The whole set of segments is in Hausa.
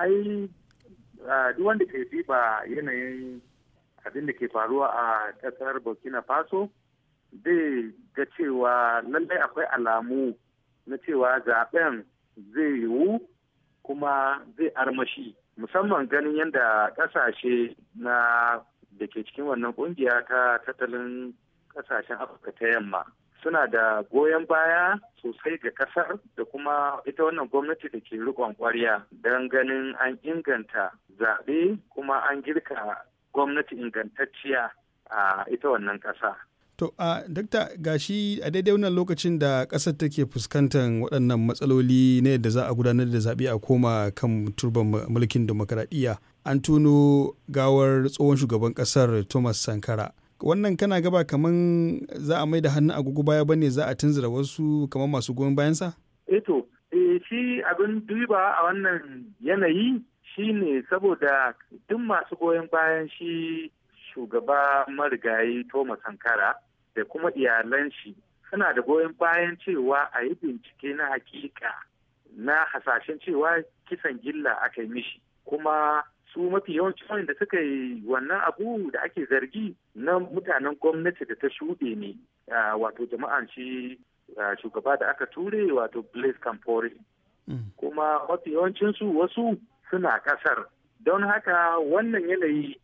ai duk wanda ke ba yanayin abin da ke faruwa a ƙasar burkina faso zai ga cewa lallai akwai alamu na cewa zaben zai yiwu kuma zai armashi musamman ganin yadda ƙasashe na da ke cikin wannan ƙungiya ta tattalin ƙasashen afirka ta yamma suna da goyon baya sosai ga kasar da kuma ita wannan gwamnati da ke rikon kwarya don ganin an inganta zaɓe kuma an girka gwamnati ingantacciya a ita wannan ƙasa. To, a dakta gashi a daidai wannan lokacin da ƙasar take fuskantar waɗannan matsaloli ne da za a gudanar da zaɓe a koma kan turban mulkin demokaradiyya an tuno gawar tsohon shugaban ƙasar Thomas Sankara. wannan kana gaba kamar za a mai da hannu agogo baya bane za a tunzura wasu kamar masu goyon bayansa? Eto, eh e, eh, shi abin duba a wannan yanayi shi ne saboda duk masu goyon bayan shi shugaba marigayi Thomas Sankara da kuma iyalan shi suna da goyon bayan cewa a yi bincike na hakika na hasashen cewa kisan gilla aka yi mishi kuma su mafi yawancin wanda suka yi wannan abu da ake zargi na mutanen gwamnati da ta shuɗe ne wato jama'an shi shugaba da aka ture wato Blaise Campore. Mm. Kuma mafi yawancinsu wasu suna kasar Don haka wannan yanayi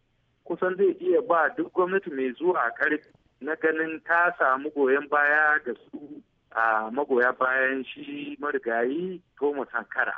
kusan zai iya ba duk gwamnati mai zuwa karfi na ganin ta samu goyon baya da su a magoya bayan shi marigayi Thomas Sankara.